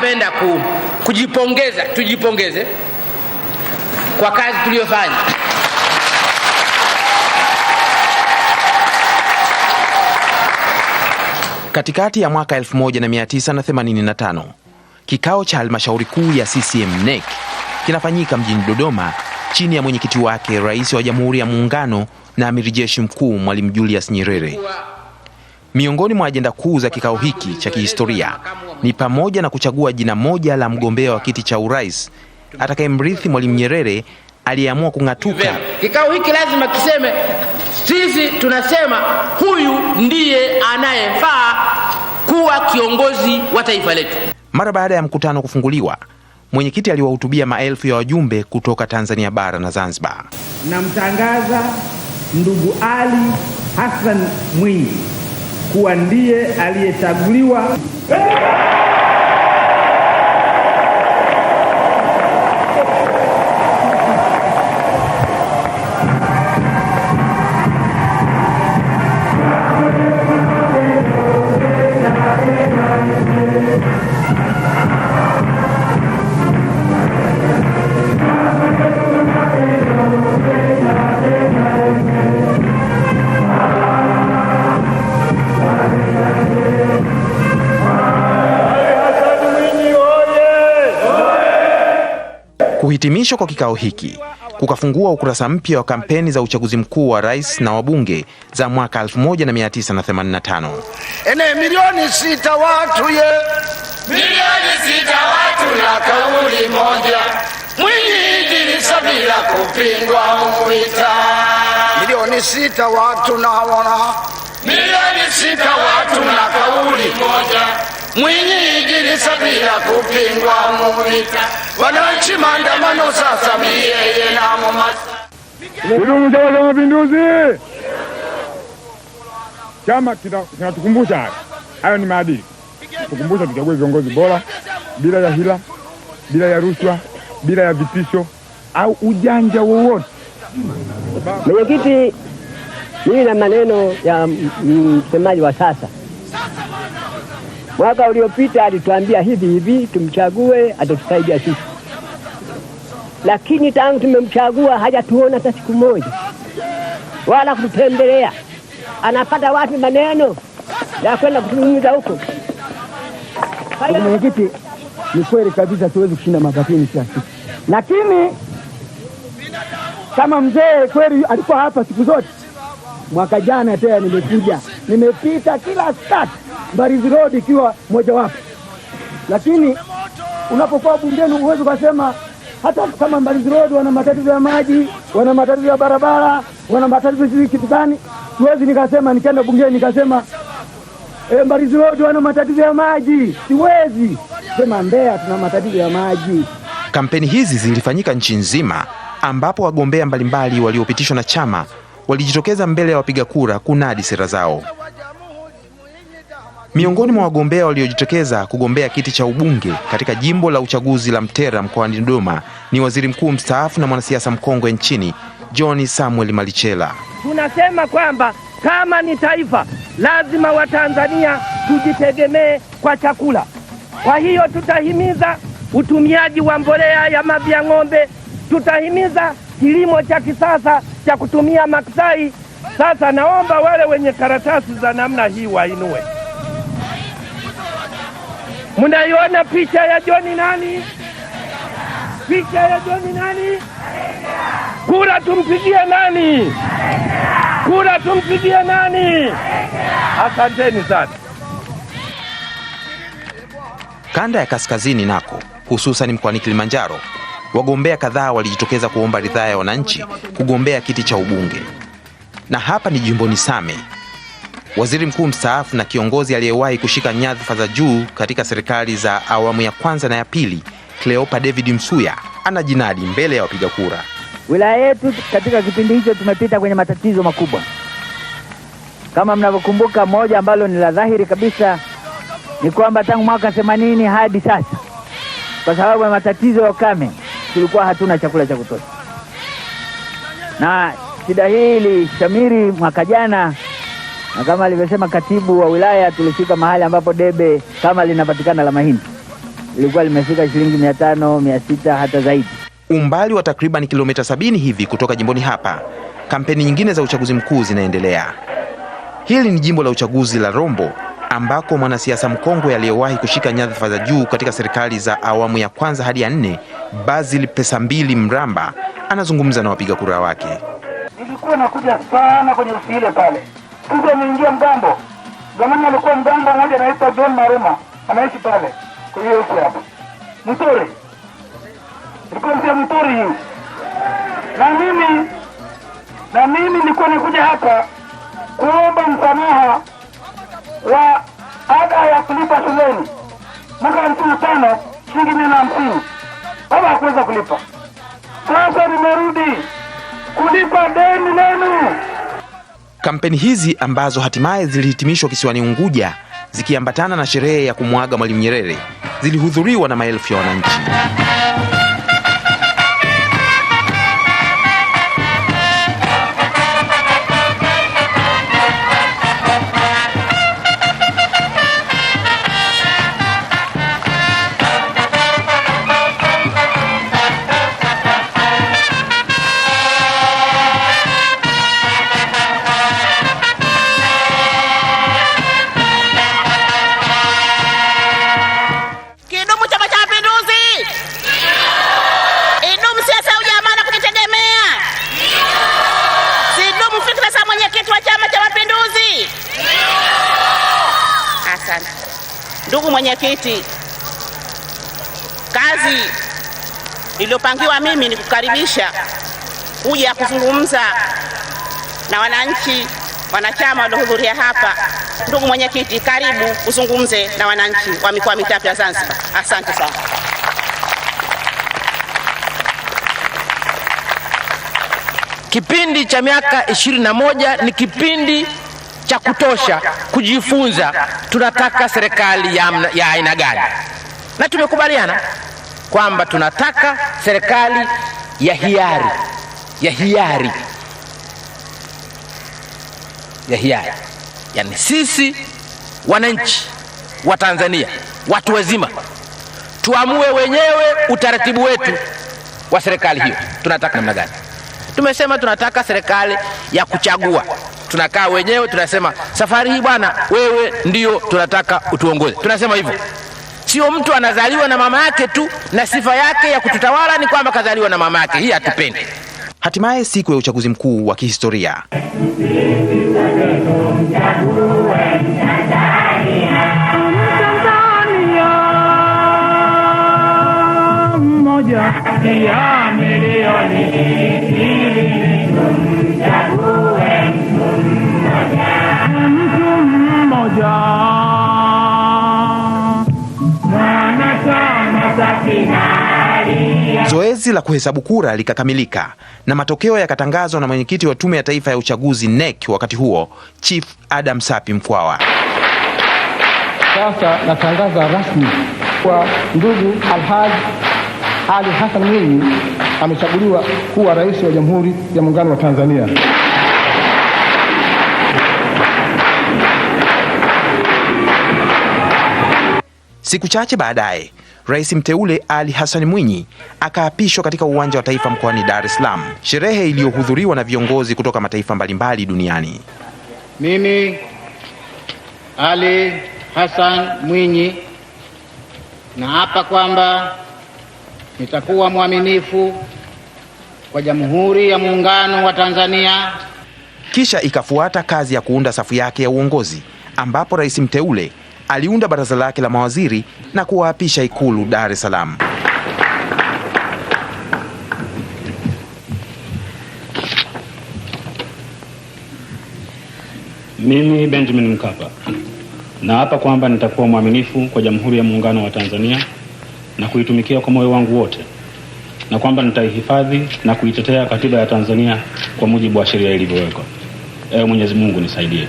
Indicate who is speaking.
Speaker 1: napenda ku, kujipongeza, tujipongeze kwa kazi tuliyofanya. Katikati ya mwaka 1985 kikao cha halmashauri kuu ya CCM NEC kinafanyika mjini Dodoma chini ya mwenyekiti wake Rais wa Jamhuri ya Muungano na Amiri Jeshi Mkuu Mwalimu Julius Nyerere. Miongoni mwa ajenda kuu za kikao hiki cha kihistoria ni pamoja na kuchagua jina moja la mgombea wa kiti cha urais atakayemrithi Mwalimu Nyerere aliyeamua kung'atuka. Kikao hiki lazima kiseme, sisi tunasema huyu ndiye
Speaker 2: anayefaa kuwa kiongozi wa taifa letu. Mara baada ya mkutano kufunguliwa, mwenyekiti aliwahutubia maelfu ya wajumbe kutoka Tanzania bara na Zanzibar. Namtangaza ndugu Ali Hassan Mwinyi kuwa ndiye aliyechaguliwa Hey!
Speaker 1: Kuhitimishwa kwa kikao hiki kukafungua ukurasa mpya wa kampeni za uchaguzi mkuu wa rais na wabunge za mwaka 1985.
Speaker 3: Ene milioni sita watu ye milioni sita watu na kauli moja Mwinyi idirisa bila kupingwa Mwita. milioni sita watu na wana milioni sita watu na kauli moja mwinyigiri sabila kupingwa muvita wananchi maandamano sasa miyeye namumasa
Speaker 4: Kidumu Chama cha Mapinduzi. Chama kinatukumbusha hayo hayo, ni maadili tukumbusha, tuchague viongozi bora, bila ya hila, bila ya rushwa, bila ya vitisho au ujanja wowote.
Speaker 5: Mwenyekiti, mimi na maneno ya msemaji wa sasa Mwaka uliopita alituambia hivi hivi, tumchague atatusaidia sisi, lakini tangu tumemchagua hajatuona hata siku moja wala kututembelea. Anapata wapi maneno ya kwenda kutuzungumza huko?
Speaker 6: Mwenyekiti, ni kweli kabisa, tuwezi kushinda mabatini kiasi, lakini kama mzee kweli alikuwa hapa siku zote. Mwaka jana tena nimekuja, nimepita kila stati Mbarizi Road ikiwa mojawapo, lakini unapokuwa bungeni huwezi ukasema hata kama Mbarizi Road wana matatizo ya maji, wana matatizo ya barabara, wana matatizo sijui kitu gani, siwezi nikasema nikaenda bungeni nikasema e, Mbarizi Road wana matatizo ya maji. Siwezi sema Mbeya tuna matatizo ya maji.
Speaker 1: Kampeni hizi zilifanyika nchi nzima ambapo wagombea mbalimbali waliopitishwa na chama walijitokeza mbele ya wapiga kura kunadi sera zao. Miongoni mwa wagombea waliojitokeza kugombea kiti cha ubunge katika jimbo la uchaguzi la Mtera mkoani Dodoma ni waziri mkuu mstaafu na mwanasiasa mkongwe nchini John Samuel Malichela.
Speaker 7: Tunasema kwamba kama ni taifa lazima Watanzania tujitegemee kwa chakula. Kwa hiyo tutahimiza utumiaji wa mbolea ya mavi ya ng'ombe, tutahimiza kilimo cha kisasa cha kutumia maksai. Sasa naomba wale wenye karatasi za namna hii wainue mnaiona picha ya Joni nani? Picha ya Joni nani? Kura tumpigie nani? Kura tumpigie nani? Asanteni sana.
Speaker 1: Kanda ya kaskazini nako, hususan mkoani Kilimanjaro, wagombea kadhaa walijitokeza kuomba ridhaa ya wananchi kugombea kiti cha ubunge, na hapa ni jimboni Same Waziri mkuu mstaafu na kiongozi aliyewahi kushika nyadhifa za juu katika serikali za awamu ya kwanza na ya pili, Cleopa David Msuya ana jinadi mbele ya wapiga kura.
Speaker 8: Wilaya yetu katika kipindi hicho tumepita kwenye matatizo makubwa. Kama mnavyokumbuka, moja ambalo ni la dhahiri kabisa ni kwamba tangu mwaka themanini hadi sasa, kwa sababu ya matatizo ya ukame, tulikuwa hatuna chakula cha kutosha, na shida hii ilishamiri mwaka jana na kama alivyosema katibu wa wilaya, tulifika mahali ambapo debe kama linapatikana la mahindi lilikuwa limefika shilingi mia tano mia sita hata zaidi,
Speaker 1: umbali wa takriban kilomita sabini hivi kutoka jimboni hapa. Kampeni nyingine za uchaguzi mkuu zinaendelea. Hili ni jimbo la uchaguzi la Rombo ambako mwanasiasa mkongwe aliyewahi kushika nyadhifa za juu katika serikali za awamu ya kwanza hadi ya nne, Basil Mbili Mramba anazungumza na wapiga kura wake.
Speaker 9: Nilikuwa nakuja sana kwenye usile pale Kuja ameingia Mgambo. Zamani alikuwa Mgambo mmoja anaitwa John Maruma, anaishi pale kwa hiyo hapo Mturi, nilikuwa mzee Mturi hii. Na mimi na mimi nilikuwa nikuja hapa kuomba msamaha wa ada ya kulipa shuleni mwaka hamsini tano shilingi mia na hamsini baba hakuweza kulipa. Sasa nimerudi kulipa deni.
Speaker 1: Kampeni hizi ambazo hatimaye zilihitimishwa kisiwani Unguja zikiambatana na sherehe ya kumwaga Mwalimu Nyerere zilihudhuriwa na maelfu ya wananchi.
Speaker 10: Ndugu mwenyekiti, kazi iliyopangiwa mimi ni kukaribisha kuja kuzungumza na wananchi wanachama waliohudhuria hapa. Ndugu mwenyekiti, karibu uzungumze na wananchi wa mikoa mitatu ya Zanzibar. Asante sana. Kipindi cha miaka 21 ni kipindi cha kutosha kujifunza tunataka serikali ya, ya aina gani, na tumekubaliana kwamba tunataka serikali ya hiari ya hiari ya hiari, yani sisi wananchi wa Tanzania watu wazima tuamue wenyewe utaratibu wetu wa serikali hiyo, tunataka namna gani. Tumesema tunataka serikali ya kuchagua tunakaa wenyewe, tunasema safari hii bwana, wewe ndio tunataka utuongoze. Tunasema hivyo, sio mtu anazaliwa na mama yake tu na sifa yake ya kututawala ni kwamba kazaliwa na mama yake. Hii hatupendi.
Speaker 1: Hatimaye siku ya uchaguzi mkuu wa kihistoria ya milioni Zoezi la kuhesabu kura likakamilika na matokeo yakatangazwa na mwenyekiti wa Tume ya Taifa ya Uchaguzi NEC wakati huo, Chief Adam Sapi Mkwawa.
Speaker 11: Sasa natangaza rasmi kwa ndugu Alhaj Ali Hassan Mwinyi amechaguliwa kuwa rais wa Jamhuri ya Muungano wa Tanzania.
Speaker 1: Siku chache baadaye Rais mteule Ali Hassan Mwinyi akaapishwa katika uwanja wa taifa mkoani Dar es Salaam, sherehe iliyohudhuriwa na viongozi kutoka mataifa mbalimbali duniani.
Speaker 12: Mimi Ali Hassan Mwinyi naapa kwamba nitakuwa mwaminifu kwa Jamhuri ya Muungano wa Tanzania.
Speaker 1: Kisha ikafuata kazi ya kuunda safu yake ya uongozi ambapo rais mteule aliunda baraza lake la mawaziri na kuwaapisha Ikulu Dar es Salaam.
Speaker 13: Mimi Benjamin Mkapa naapa kwamba nitakuwa mwaminifu kwa Jamhuri ya Muungano wa Tanzania na kuitumikia kwa moyo wangu wote na kwamba nitaihifadhi na kuitetea katiba ya Tanzania kwa mujibu wa sheria ilivyowekwa. Ewe Mwenyezi Mungu nisaidie.